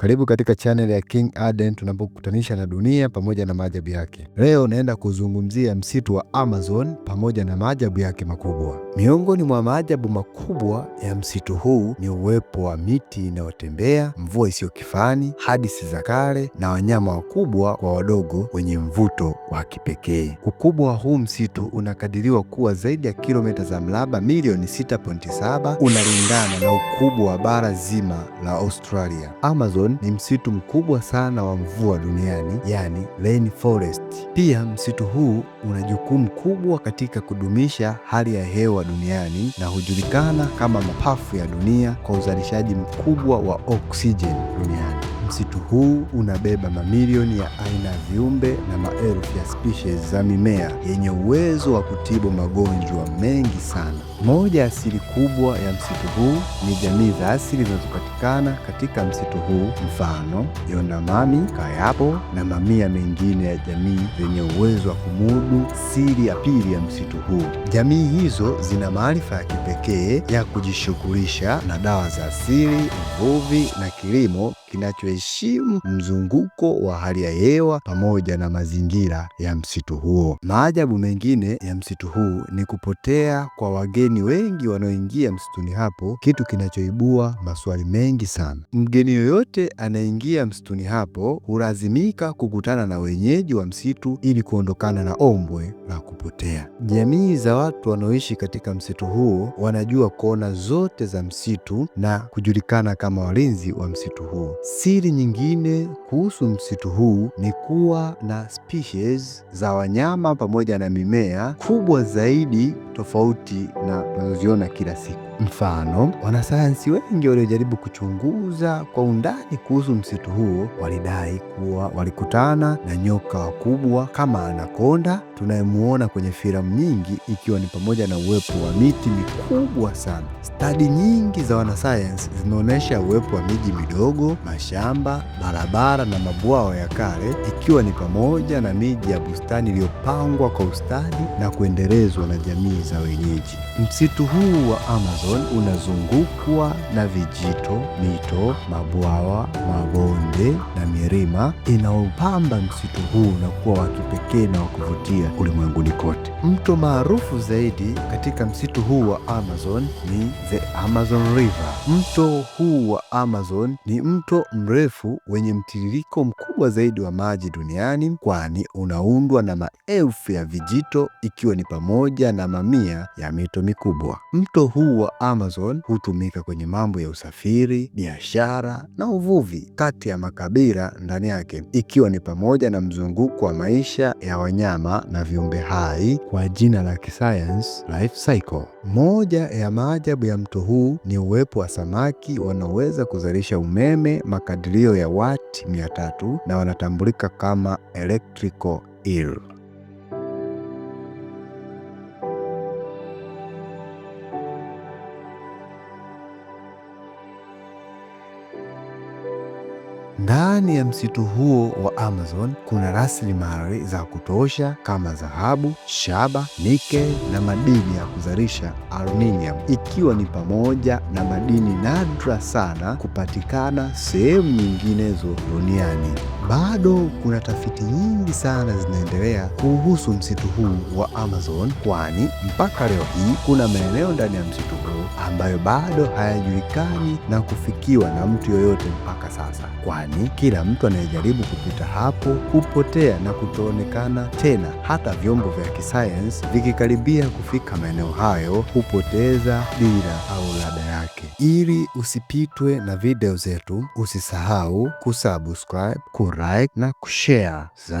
Karibu katika channel ya King Aden tunapokutanisha na dunia pamoja na maajabu yake. Leo naenda kuzungumzia msitu wa Amazon pamoja na maajabu yake makubwa. Miongoni mwa maajabu makubwa ya msitu huu ni uwepo wa miti inayotembea, mvua isiyo kifani, hadisi za kale na wanyama wakubwa kwa wadogo wenye mvuto wa kipekee. Ukubwa wa huu msitu unakadiriwa kuwa zaidi ya kilomita za mraba milioni 6.7, unalingana na ukubwa wa bara zima la Australia. Amazon Amazon ni msitu mkubwa sana wa mvua duniani, yani rainforest. Pia msitu huu una jukumu kubwa katika kudumisha hali ya hewa duniani na hujulikana kama mapafu ya dunia kwa uzalishaji mkubwa wa oksijeni duniani. Msitu huu unabeba mamilioni ya aina ya viumbe na maelfu ya species za mimea yenye uwezo wa kutibu magonjwa mengi sana. Moja ya asili kubwa ya msitu huu ni jamii za asili zinazopatikana katika msitu huu, mfano Yonamami, Kayapo na mamia mengine ya jamii zenye uwezo wa kumudu siri ya pili ya msitu huu. Jamii hizo zina maarifa ya kipekee ya kujishughulisha na dawa za asili, uvuvi na kilimo kinachoheshimu mzunguko wa hali ya hewa pamoja na mazingira ya msitu huo. Maajabu mengine ya msitu huu ni kupotea kwa wageni wengi wanaoingia msituni hapo, kitu kinachoibua maswali mengi sana. Mgeni yoyote anaingia msituni hapo hulazimika kukutana na wenyeji wa msitu ili kuondokana na ombwe la kupotea. Jamii za watu wanaoishi katika msitu huo wanajua kona zote za msitu na kujulikana kama walinzi wa msitu huo. Siri nyingine kuhusu msitu huu ni kuwa na species za wanyama pamoja na mimea kubwa zaidi tofauti na tunazoziona kila siku. Mfano, wanasayansi wengi waliojaribu kuchunguza kwa undani kuhusu msitu huo walidai kuwa walikutana na nyoka wakubwa kama anakonda tunayemuona kwenye filamu nyingi, ikiwa ni pamoja na uwepo wa miti mikubwa sana. Stadi nyingi za wanasayansi zinaonyesha uwepo wa miji midogo, mashamba, barabara na mabwawa ya kale, ikiwa ni pamoja na miji ya bustani iliyopangwa kwa ustadi na kuendelezwa na jamii za wenyeji. Msitu huu wa Amazon Amazon unazungukwa na vijito, mito, mabwawa, mabonde na milima inaopamba msitu huu na kuwa wa kipekee na wa kuvutia ulimwenguni kote. Mto maarufu zaidi katika msitu huu wa Amazon ni the Amazon River. Mto huu wa Amazon ni mto mrefu wenye mtiririko mkubwa zaidi wa maji duniani, kwani unaundwa na maelfu ya vijito, ikiwa ni pamoja na mamia ya mito mikubwa. Mto huu wa Amazon hutumika kwenye mambo ya usafiri, biashara na uvuvi kati ya makabila mazingira ndani yake, ikiwa ni pamoja na mzunguko wa maisha ya wanyama na viumbe hai kwa jina la kisayansi life cycle. Moja ya maajabu ya mto huu ni uwepo wa samaki wanaoweza kuzalisha umeme makadirio ya wati 300 na wanatambulika kama electrical eel. Ndani ya msitu huo wa Amazon kuna rasilimali za kutosha kama dhahabu, shaba, nikel na madini ya kuzalisha aluminium, ikiwa ni pamoja na madini nadra sana kupatikana sehemu nyinginezo duniani. Bado kuna tafiti nyingi sana zinaendelea kuhusu msitu huu wa Amazon, kwani mpaka leo hii kuna maeneo ndani ya msitu huu ambayo bado hayajulikani na kufikiwa na mtu yoyote mpaka sasa, kwani kila mtu anayejaribu kupita hapo hupotea na kutoonekana tena. Hata vyombo vya kisayansi vikikaribia kufika maeneo hayo hupoteza dira au rada yake. Ili usipitwe na video zetu, usisahau kusubscribe ku like na kushare za